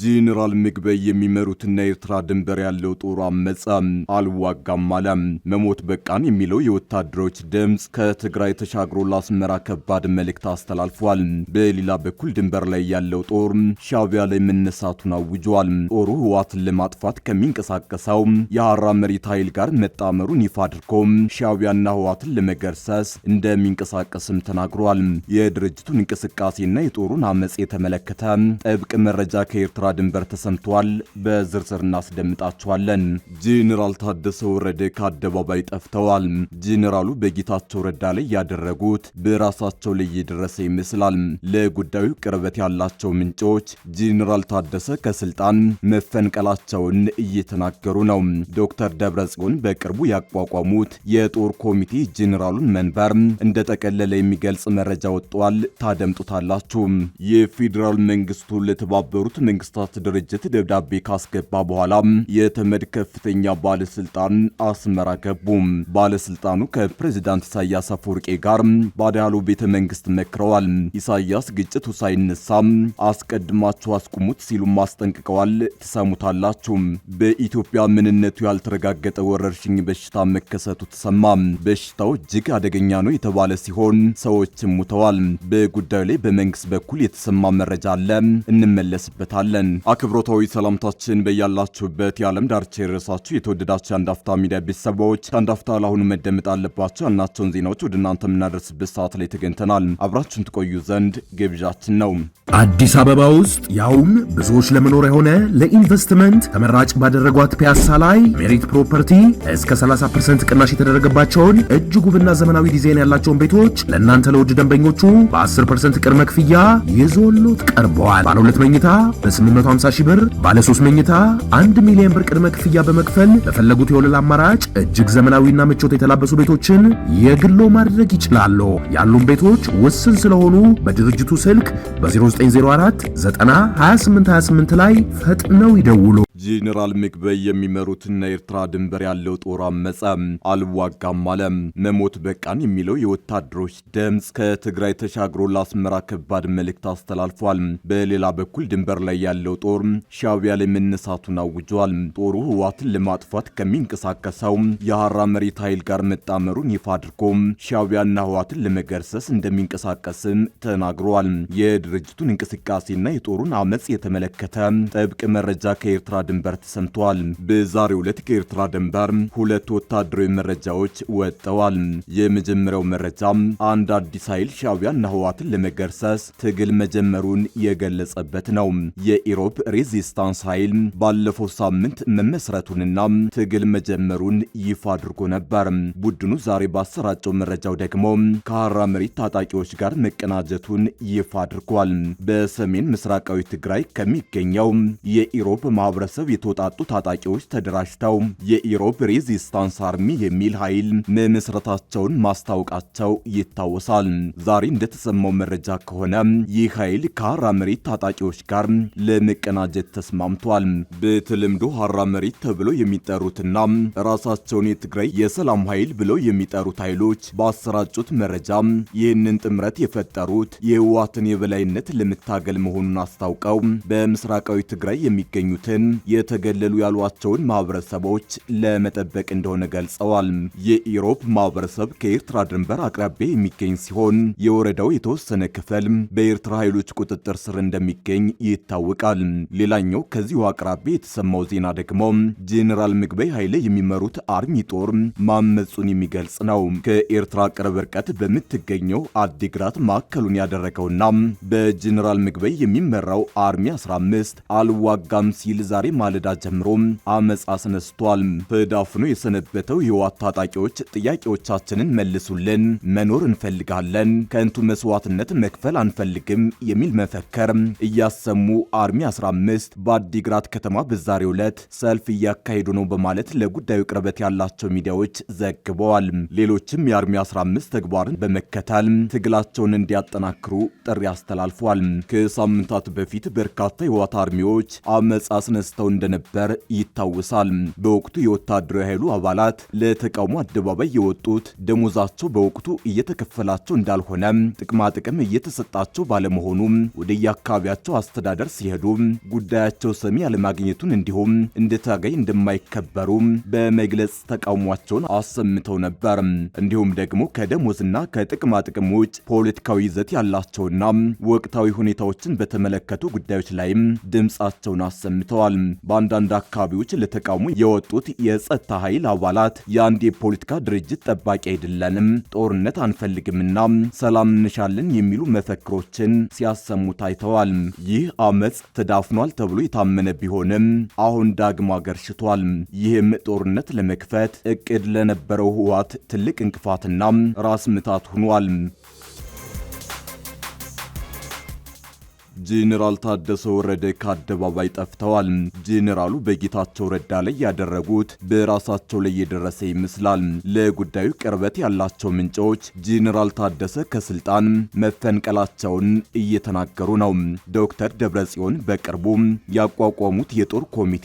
ጄኔራል ምግበይ የሚመሩትና የኤርትራ ድንበር ያለው ጦር አመፀ፣ አልዋጋም አለ። መሞት በቃን የሚለው የወታደሮች ድምፅ ከትግራይ ተሻግሮ ለአስመራ ከባድ መልእክት አስተላልፏል። በሌላ በኩል ድንበር ላይ ያለው ጦር ሻቢያ ላይ መነሳቱን አውጇል። ጦሩ ህዋትን ለማጥፋት ከሚንቀሳቀሰው የሐራ መሬት ኃይል ጋር መጣመሩን ይፋ አድርጎ ሻቢያና ህዋትን ለመገርሰስ እንደሚንቀሳቀስም ተናግሯል። የድርጅቱን እንቅስቃሴና የጦሩን አመፅ የተመለከተ ጥብቅ መረጃ ከኤርትራ አማራ ድንበር ተሰምተዋል። በዝርዝር እናስደምጣቸዋለን። ጄኔራል ታደሰ ወረደ ከአደባባይ ጠፍተዋል። ጄኔራሉ በጌታቸው ረዳ ላይ ያደረጉት በራሳቸው ላይ እየደረሰ ይመስላል። ለጉዳዩ ቅርበት ያላቸው ምንጮች ጄኔራል ታደሰ ከስልጣን መፈንቀላቸውን እየተናገሩ ነው። ዶክተር ደብረጽዮን በቅርቡ ያቋቋሙት የጦር ኮሚቴ ጄኔራሉን መንበር እንደጠቀለለ የሚገልጽ መረጃ ወጥቷል። ታደምጡታላችሁ። የፌዴራል መንግስቱ ለተባበሩት መንግስት መንግስታት ድርጅት ደብዳቤ ካስገባ በኋላ የተመድ ከፍተኛ ባለስልጣን አስመራ ገቡ። ባለስልጣኑ ከፕሬዚዳንት ኢሳያስ አፈወርቄ ጋር በአዳያሎ ቤተ መንግስት መክረዋል። ኢሳያስ ግጭቱ ሳይነሳ አስቀድማችሁ አስቁሙት ሲሉም አስጠንቅቀዋል። ትሰሙታላችሁ። በኢትዮጵያ ምንነቱ ያልተረጋገጠ ወረርሽኝ በሽታ መከሰቱ ተሰማ። በሽታው እጅግ አደገኛ ነው የተባለ ሲሆን ሰዎችም ሙተዋል። በጉዳዩ ላይ በመንግስት በኩል የተሰማ መረጃ አለ፣ እንመለስበታለን። እንላለን። አክብሮታዊ ሰላምታችን በያላችሁበት የዓለም ዳርቻ የደረሳችሁ የተወደዳችሁ የአንዳፍታ ሚዲያ ቤተሰቦች ከአንዳፍታ ለአሁኑ መደመጥ አለባቸው ያልናቸውን ዜናዎች ወደ እናንተ የምናደርስበት ሰዓት ላይ ተገኝተናል። አብራችሁን ትቆዩ ዘንድ ግብዣችን ነው። አዲስ አበባ ውስጥ ያውም ብዙዎች ለመኖር የሆነ ለኢንቨስትመንት ተመራጭ ባደረጓት ፒያሳ ላይ ሜሪት ፕሮፐርቲ እስከ 30% ቅናሽ የተደረገባቸውን እጅግ ውብና ዘመናዊ ዲዛይን ያላቸውን ቤቶች ለእናንተ ለውድ ደንበኞቹ በ10% ቅድመ ክፍያ ይዞሎት ቀርበዋል። ባለ ሁለት መኝታ በ8 150 ሺህ ብር፣ ባለ 3 መኝታ 1 ሚሊዮን ብር ቅድመ ክፍያ በመክፈል በፈለጉት የወለል አማራጭ እጅግ ዘመናዊና ምቾት የተላበሱ ቤቶችን የግሎ ማድረግ ይችላሉ። ያሉን ቤቶች ውስን ስለሆኑ በድርጅቱ ስልክ በ0904 9 28 ላይ ፈጥነው ይደውሉ። ጄኔራል ምግበይ የሚመሩትና የኤርትራ ድንበር ያለው ጦር አመፀ፣ አልዋጋም አለ። መሞት በቃን የሚለው የወታደሮች ድምፅ ከትግራይ ተሻግሮ ለአስመራ ከባድ መልእክት አስተላልፏል። በሌላ በኩል ድንበር ላይ ያለው ጦር ሻቢያ ላይ መነሳቱን አውጇል። ጦሩ ህዋትን ለማጥፋት ከሚንቀሳቀሰው የሐራ መሬት ኃይል ጋር መጣመሩን ይፋ አድርጎ ሻቢያና ህዋትን ለመገርሰስ እንደሚንቀሳቀስም ተናግሯል። የድርጅቱን እንቅስቃሴና የጦሩን አመፅ የተመለከተ ጥብቅ መረጃ ከኤርትራ ድንበር ተሰምተዋል። በዛሬው ዕለት ከኤርትራ ድንበር ሁለት ወታደራዊ መረጃዎች ወጥተዋል። የመጀመሪያው መረጃ አንድ አዲስ ኃይል ሻቢያና ህዋትን ለመገርሰስ ትግል መጀመሩን የገለጸበት ነው። የኢሮብ ሬዚስታንስ ኃይል ባለፈው ሳምንት መመስረቱንና ትግል መጀመሩን ይፋ አድርጎ ነበር። ቡድኑ ዛሬ ባሰራጨው መረጃው ደግሞ ከሐራ መሬት ታጣቂዎች ጋር መቀናጀቱን ይፋ አድርጓል። በሰሜን ምስራቃዊ ትግራይ ከሚገኘው የኢሮብ ማህበረሰብ ከመደብ የተውጣጡ ታጣቂዎች ተደራጅተው የኢሮብ ሬዚስታንስ አርሚ የሚል ኃይል መመስረታቸውን ማስታወቃቸው ይታወሳል። ዛሬ እንደተሰማው መረጃ ከሆነ ይህ ኃይል ከሀራ መሬት ታጣቂዎች ጋር ለመቀናጀት ተስማምቷል። በተለምዶ ሀራ መሬት ተብሎ የሚጠሩትና ራሳቸውን የትግራይ የሰላም ኃይል ብለው የሚጠሩት ኃይሎች በአሰራጩት መረጃ ይህንን ጥምረት የፈጠሩት የህወሓትን የበላይነት ለመታገል መሆኑን አስታውቀው በምስራቃዊ ትግራይ የሚገኙትን የተገለሉ ያሏቸውን ማህበረሰቦች ለመጠበቅ እንደሆነ ገልጸዋል። የኢሮብ ማህበረሰብ ከኤርትራ ድንበር አቅራቢያ የሚገኝ ሲሆን የወረዳው የተወሰነ ክፍል በኤርትራ ኃይሎች ቁጥጥር ስር እንደሚገኝ ይታወቃል። ሌላኛው ከዚሁ አቅራቢያ የተሰማው ዜና ደግሞ ጄኔራል ምግበይ ኃይለ የሚመሩት አርሚ ጦር ማመጹን የሚገልጽ ነው። ከኤርትራ ቅርብ ርቀት በምትገኘው አዲግራት ማዕከሉን ያደረገውና በጄኔራል ምግበይ የሚመራው አርሚ 15 አልዋጋም ሲል ዛሬ ማለዳ ጀምሮ አመፅ አስነስቷል። በዳፍኑ የሰነበተው የህወሓት ታጣቂዎች ጥያቄዎቻችንን መልሱልን፣ መኖር እንፈልጋለን፣ ከንቱ መስዋዕትነት መክፈል አንፈልግም የሚል መፈክር እያሰሙ አርሚ 15 በአዲግራት ከተማ በዛሬው ዕለት ሰልፍ እያካሄዱ ነው በማለት ለጉዳዩ ቅርበት ያላቸው ሚዲያዎች ዘግበዋል። ሌሎችም የአርሚ 15 ተግባርን በመከተል ትግላቸውን እንዲያጠናክሩ ጥሪ አስተላልፏል። ከሳምንታት በፊት በርካታ የህወሓት አርሚዎች አመፅ አስነስተው ወጥተው እንደነበር ይታወሳል። በወቅቱ የወታደራዊ ኃይሉ አባላት ለተቃውሞ አደባባይ የወጡት ደሞዛቸው በወቅቱ እየተከፈላቸው እንዳልሆነ፣ ጥቅማጥቅም እየተሰጣቸው ባለመሆኑ ወደየአካባቢያቸው አስተዳደር ሲሄዱ ጉዳያቸው ሰሚ አለማግኘቱን እንዲሁም እንደ እንደማይከበሩ በመግለጽ ተቃውሟቸውን አሰምተው ነበር። እንዲሁም ደግሞ ከደሞዝና ከጥቅማጥቅም ውጭ ፖለቲካዊ ይዘት ያላቸውና ወቅታዊ ሁኔታዎችን በተመለከቱ ጉዳዮች ላይም ድምጻቸውን አሰምተዋል። በአንዳንድ አካባቢዎች ለተቃውሞ የወጡት የጸጥታ ኃይል አባላት የአንድ የፖለቲካ ድርጅት ጠባቂ አይደለንም፣ ጦርነት አንፈልግምና ሰላም እንሻለን የሚሉ መፈክሮችን ሲያሰሙ ታይተዋል። ይህ አመፅ ተዳፍኗል ተብሎ የታመነ ቢሆንም አሁን ዳግም አገርሽቷል። ይህም ጦርነት ለመክፈት እቅድ ለነበረው ህወሓት ትልቅ እንቅፋትና ራስ ምታት ሆኗል። ጄኔራል ታደሰ ወረደ ከአደባባይ ጠፍተዋል። ጄኔራሉ በጌታቸው ረዳ ላይ ያደረጉት በራሳቸው ላይ የደረሰ ይመስላል። ለጉዳዩ ቅርበት ያላቸው ምንጮች ጄኔራል ታደሰ ከስልጣን መፈንቀላቸውን እየተናገሩ ነው። ዶክተር ደብረጽዮን በቅርቡ ያቋቋሙት የጦር ኮሚቴ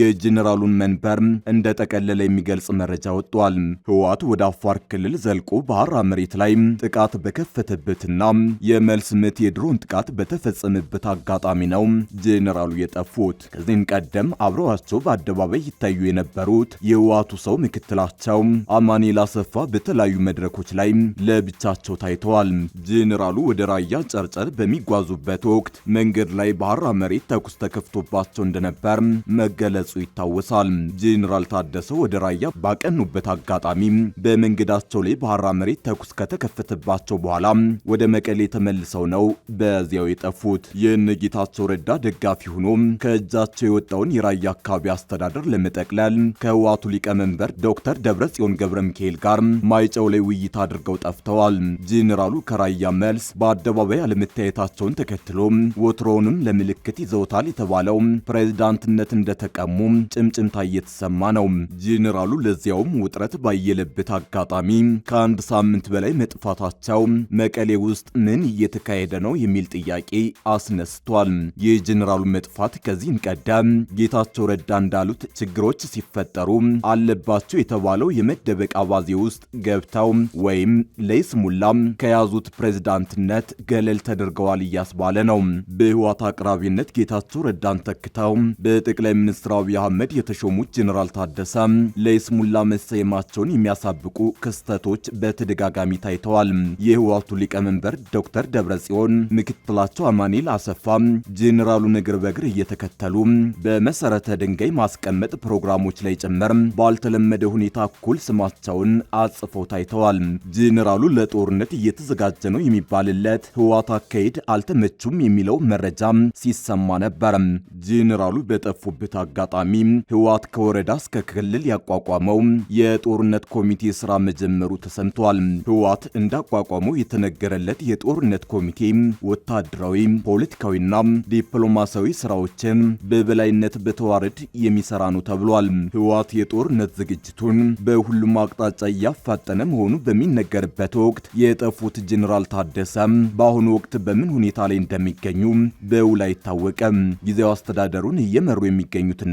የጄኔራሉን መንበር እንደጠቀለለ የሚገልጽ መረጃ ወጥቷል። ህወሓት ወደ አፋር ክልል ዘልቆ ባህራ መሬት ላይ ጥቃት በከፈተበትና የመልስ ምት የድሮን ጥቃት በተፈጸመ በሚያምንበት አጋጣሚ ነው ጄኔራሉ የጠፉት። ከዚህም ቀደም አብረዋቸው በአደባባይ ይታዩ የነበሩት የህወሓቱ ሰው ምክትላቸው አማኑኤል አሰፋ በተለያዩ መድረኮች ላይ ለብቻቸው ታይተዋል። ጄኔራሉ ወደ ራያ ጨርጨር በሚጓዙበት ወቅት መንገድ ላይ ባህራ መሬት ተኩስ ተከፍቶባቸው እንደነበር መገለጹ ይታወሳል። ጄኔራል ታደሰ ወደ ራያ ባቀኑበት አጋጣሚ በመንገዳቸው ላይ ባህራ መሬት ተኩስ ከተከፈተባቸው በኋላ ወደ መቀሌ ተመልሰው ነው በዚያው የጠፉት። ያቀረቡት። ጌታቸው ረዳ ደጋፊ ሆኖም ከእጃቸው የወጣውን የራያ አካባቢ አስተዳደር ለመጠቅለል ከህዋቱ ሊቀመንበር ዶክተር ደብረ ጽዮን ገብረ ሚካኤል ጋር ማይጨው ላይ ውይይት አድርገው ጠፍተዋል። ጄኔራሉ ከራያ መልስ በአደባባይ አለመታየታቸውን ተከትሎ ወትሮውንም ለምልክት ይዘውታል የተባለው ፕሬዚዳንትነት እንደተቀሙ ጭምጭምታ እየተሰማ ነው። ጄኔራሉ ለዚያውም ውጥረት ባየለበት አጋጣሚ ከአንድ ሳምንት በላይ መጥፋታቸው መቀሌ ውስጥ ምን እየተካሄደ ነው የሚል ጥያቄ አስነስቷል። የጀነራሉ መጥፋት ከዚህም ቀደም ጌታቸው ረዳ እንዳሉት ችግሮች ሲፈጠሩ አለባቸው የተባለው የመደበቅ አባዜ ውስጥ ገብተው ወይም ለይስሙላ ከያዙት ፕሬዝዳንትነት ገለል ተደርገዋል እያስባለ ነው። በህዋት አቅራቢነት ጌታቸው ረዳን ተክተው በጠቅላይ ሚኒስትር አብይ አህመድ የተሾሙት ጀኔራል ታደሰ ለይስሙላ መሰየማቸውን የሚያሳብቁ ክስተቶች በተደጋጋሚ ታይተዋል። የህዋቱ ሊቀመንበር ዶክተር ደብረጽዮን ምክትላቸው አማኔ ኮሎኔል አሰፋ ጄኔራሉን እግር በእግር እየተከተሉ በመሰረተ ድንጋይ ማስቀመጥ ፕሮግራሞች ላይ ጭምር ባልተለመደ ሁኔታ እኩል ስማቸውን አጽፈው ታይተዋል። ጄኔራሉ ለጦርነት እየተዘጋጀ ነው የሚባልለት ህዋት አካሄድ አልተመቹም የሚለው መረጃ ሲሰማ ነበር። ጄኔራሉ በጠፉበት አጋጣሚ ህዋት ከወረዳ እስከ ክልል ያቋቋመው የጦርነት ኮሚቴ ስራ መጀመሩ ተሰምቷል። ህዋት እንዳቋቋመው የተነገረለት የጦርነት ኮሚቴ ወታደራዊ፣ ፖለቲካዊና ዲፕሎማሲያዊ ስራዎችን በበላይነት በተዋረድ የሚሰራ ነው ተብሏል። ህወሓት የጦርነት ዝግጅቱን በሁሉም አቅጣጫ እያፋጠነ መሆኑ በሚነገርበት ወቅት የጠፉት ጄኔራል ታደሰ በአሁኑ ወቅት በምን ሁኔታ ላይ እንደሚገኙ በውል አይታወቀም። ጊዜው አስተዳደሩን እየመሩ የሚገኙትና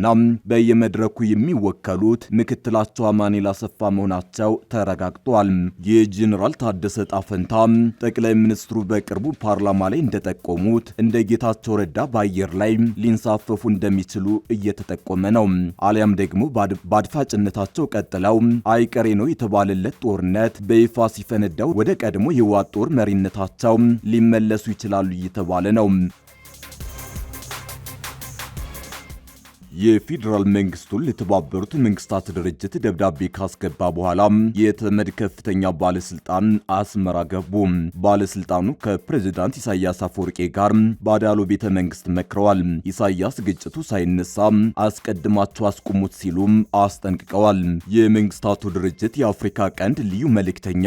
በየመድረኩ የሚወከሉት ምክትላቸው ማኔላ አሰፋ መሆናቸው ተረጋግጧል። የጄኔራል ታደሰ ጣፈንታ ጠቅላይ ሚኒስትሩ በቅርቡ ፓርላማ ላይ እንደጠቆሙት የሚሆኑት እንደ ጌታቸው ረዳ በአየር ላይ ሊንሳፈፉ እንደሚችሉ እየተጠቆመ ነው። አሊያም ደግሞ በአድፋጭነታቸው ቀጥለው አይቀሬ ነው የተባለለት ጦርነት በይፋ ሲፈነዳው ወደ ቀድሞ የህወሓት ጦር መሪነታቸው ሊመለሱ ይችላሉ እየተባለ ነው። የፌዴራል መንግስቱን ለተባበሩት መንግስታት ድርጅት ደብዳቤ ካስገባ በኋላ የተመድ ከፍተኛ ባለስልጣን አስመራ ገቡ። ባለስልጣኑ ከፕሬዚዳንት ኢሳያስ አፈወርቄ ጋር ባዳሎ ቤተ መንግስት መክረዋል። ኢሳያስ ግጭቱ ሳይነሳ አስቀድማቸው አስቁሙት ሲሉም አስጠንቅቀዋል። የመንግስታቱ ድርጅት የአፍሪካ ቀንድ ልዩ መልእክተኛ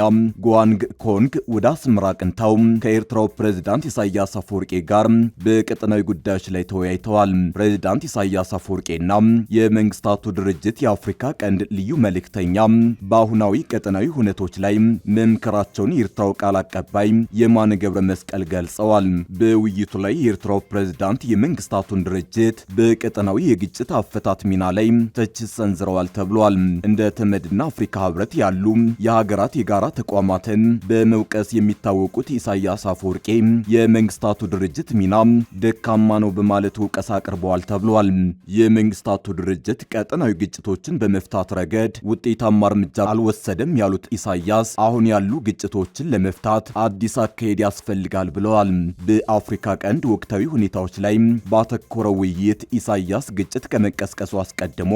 ጓንግ ኮንግ ወደ አስመራ ቅንተው ከኤርትራው ፕሬዚዳንት ኢሳያስ አፈወርቄ ጋር በቀጠናዊ ጉዳዮች ላይ ተወያይተዋል። ፕሬዚዳንት ኢሳያስ አፈወርቄ ቡርቄና የመንግስታቱ ድርጅት የአፍሪካ ቀንድ ልዩ መልእክተኛ በአሁናዊ ቀጠናዊ ሁነቶች ላይ መምከራቸውን የኤርትራው ቃል አቀባይ የማነ ገብረ መስቀል ገልጸዋል። በውይይቱ ላይ የኤርትራው ፕሬዝዳንት የመንግስታቱን ድርጅት በቀጠናዊ የግጭት አፈታት ሚና ላይ ተችት ሰንዝረዋል ተብሏል። እንደ ተመድና አፍሪካ ህብረት ያሉ የሀገራት የጋራ ተቋማትን በመውቀስ የሚታወቁት ኢሳያስ አፈወርቄ የመንግስታቱ ድርጅት ሚና ደካማ ነው በማለት ውቀሳ አቅርበዋል ተብሏል። የመንግስታቱ ድርጅት ቀጠናዊ ግጭቶችን በመፍታት ረገድ ውጤታማ እርምጃ አልወሰደም ያሉት ኢሳያስ አሁን ያሉ ግጭቶችን ለመፍታት አዲስ አካሄድ ያስፈልጋል ብለዋል። በአፍሪካ ቀንድ ወቅታዊ ሁኔታዎች ላይ ባተኮረው ውይይት ኢሳያስ ግጭት ከመቀስቀሱ አስቀድሞ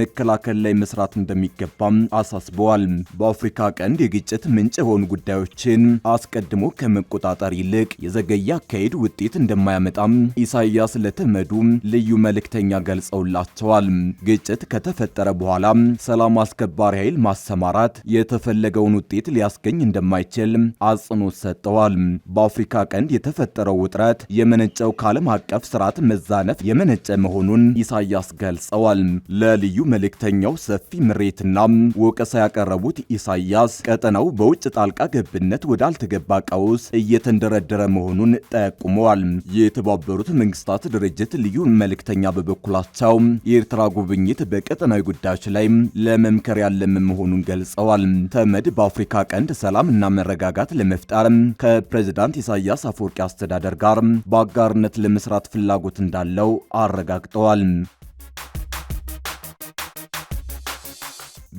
መከላከል ላይ መስራት እንደሚገባም አሳስበዋል። በአፍሪካ ቀንድ የግጭት ምንጭ የሆኑ ጉዳዮችን አስቀድሞ ከመቆጣጠር ይልቅ የዘገየ አካሄድ ውጤት እንደማያመጣም ኢሳያስ ለተመዱ ልዩ መልእክተኛ ገልጸዋል። ገልጸውላቸዋል። ግጭት ከተፈጠረ በኋላ ሰላም አስከባሪ ኃይል ማሰማራት የተፈለገውን ውጤት ሊያስገኝ እንደማይችል አጽንኦት ሰጥተዋል። በአፍሪካ ቀንድ የተፈጠረው ውጥረት የመነጨው ከዓለም አቀፍ ስርዓት መዛነፍ የመነጨ መሆኑን ኢሳያስ ገልጸዋል። ለልዩ መልእክተኛው ሰፊ ምሬትና ወቀሳ ያቀረቡት ኢሳያስ ቀጠናው በውጭ ጣልቃ ገብነት ወዳልተገባ ቀውስ እየተንደረደረ መሆኑን ጠቁመዋል። የተባበሩት መንግስታት ድርጅት ልዩ መልእክተኛ በበኩላቸው በመሆናቸው የኤርትራ ጉብኝት በቀጠናዊ ጉዳዮች ላይ ለመምከር ያለም መሆኑን ገልጸዋል። ተመድ በአፍሪካ ቀንድ ሰላም እና መረጋጋት ለመፍጠር ከፕሬዚዳንት ኢሳያስ አፈወርቂ አስተዳደር ጋር በአጋርነት ለመስራት ፍላጎት እንዳለው አረጋግጠዋል።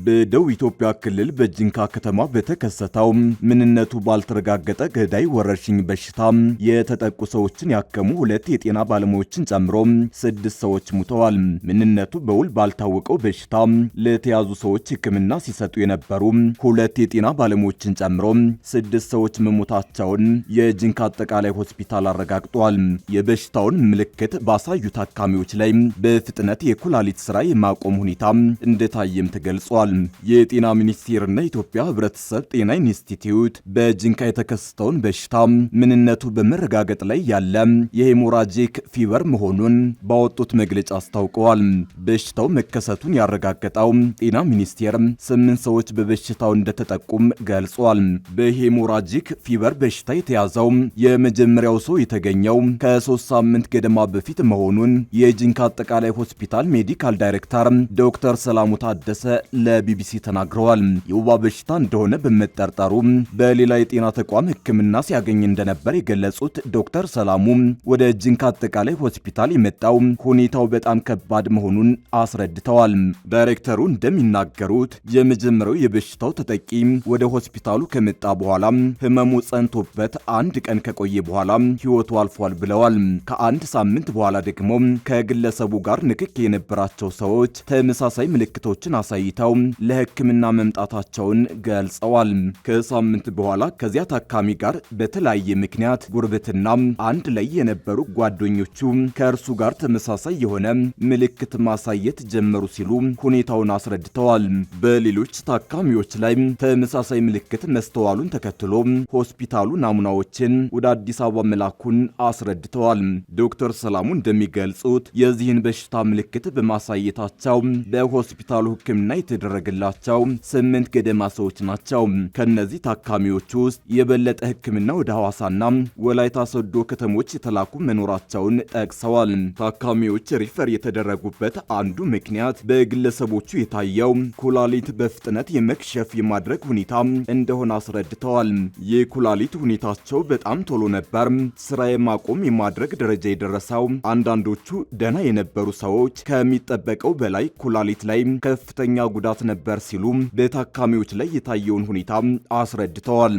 በደቡብ ኢትዮጵያ ክልል በጅንካ ከተማ በተከሰተው ምንነቱ ባልተረጋገጠ ገዳይ ወረርሽኝ በሽታ የተጠቁ ሰዎችን ያከሙ ሁለት የጤና ባለሙያዎችን ጨምሮ ስድስት ሰዎች ሙተዋል። ምንነቱ በውል ባልታወቀው በሽታ ለተያዙ ሰዎች ሕክምና ሲሰጡ የነበሩ ሁለት የጤና ባለሙያዎችን ጨምሮ ስድስት ሰዎች መሞታቸውን የጅንካ አጠቃላይ ሆስፒታል አረጋግጧል። የበሽታውን ምልክት ባሳዩ ታካሚዎች ላይ በፍጥነት የኩላሊት ስራ የማቆም ሁኔታ እንደታየም ተገልጿል። ተናግረዋል። የጤና ሚኒስቴርና የኢትዮጵያ ህብረተሰብ ጤና ኢንስቲትዩት በጅንካ የተከሰተውን በሽታ ምንነቱ በመረጋገጥ ላይ ያለ የሄሞራጂክ ፊቨር መሆኑን ባወጡት መግለጫ አስታውቀዋል። በሽታው መከሰቱን ያረጋገጠው ጤና ሚኒስቴር ስምንት ሰዎች በበሽታው እንደተጠቁም ገልጿል። በሄሞራጂክ ፊቨር በሽታ የተያዘው የመጀመሪያው ሰው የተገኘው ከሶስት ሳምንት ገደማ በፊት መሆኑን የጅንካ አጠቃላይ ሆስፒታል ሜዲካል ዳይሬክተር ዶክተር ሰላሙ ታደሰ ለቢቢሲ ተናግረዋል። የወባ በሽታ እንደሆነ በመጠርጠሩ በሌላ የጤና ተቋም ሕክምና ሲያገኝ እንደነበር የገለጹት ዶክተር ሰላሙ ወደ ጅንካ አጠቃላይ ሆስፒታል የመጣው ሁኔታው በጣም ከባድ መሆኑን አስረድተዋል። ዳይሬክተሩ እንደሚናገሩት የመጀመሪያው የበሽታው ተጠቂ ወደ ሆስፒታሉ ከመጣ በኋላ ህመሙ ጸንቶበት አንድ ቀን ከቆየ በኋላ ህይወቱ አልፏል ብለዋል። ከአንድ ሳምንት በኋላ ደግሞ ከግለሰቡ ጋር ንክክ የነበራቸው ሰዎች ተመሳሳይ ምልክቶችን አሳይተው ለሕክምና መምጣታቸውን ገልጸዋል። ከሳምንት በኋላ ከዚያ ታካሚ ጋር በተለያየ ምክንያት ጉርብትና አንድ ላይ የነበሩ ጓደኞቹ ከእርሱ ጋር ተመሳሳይ የሆነ ምልክት ማሳየት ጀመሩ ሲሉ ሁኔታውን አስረድተዋል። በሌሎች ታካሚዎች ላይ ተመሳሳይ ምልክት መስተዋሉን ተከትሎ ሆስፒታሉ ናሙናዎችን ወደ አዲስ አበባ መላኩን አስረድተዋል። ዶክተር ሰላሙ እንደሚገልጹት የዚህን በሽታ ምልክት በማሳየታቸው በሆስፒታሉ ሕክምና የተደረ የተደረገላቸው ስምንት ገደማ ሰዎች ናቸው። ከእነዚህ ታካሚዎች ውስጥ የበለጠ ሕክምና ወደ ሐዋሳና ወላይታ ሶዶ ከተሞች የተላኩ መኖራቸውን ጠቅሰዋል። ታካሚዎች ሪፈር የተደረጉበት አንዱ ምክንያት በግለሰቦቹ የታየው ኩላሊት በፍጥነት የመክሸፍ የማድረግ ሁኔታ እንደሆነ አስረድተዋል። የኩላሊት ሁኔታቸው በጣም ቶሎ ነበር። ስራ የማቆም የማድረግ ደረጃ የደረሰው አንዳንዶቹ ደህና የነበሩ ሰዎች ከሚጠበቀው በላይ ኩላሊት ላይ ከፍተኛ ጉዳት ነበር ሲሉ በታካሚዎች ላይ የታየውን ሁኔታ አስረድተዋል።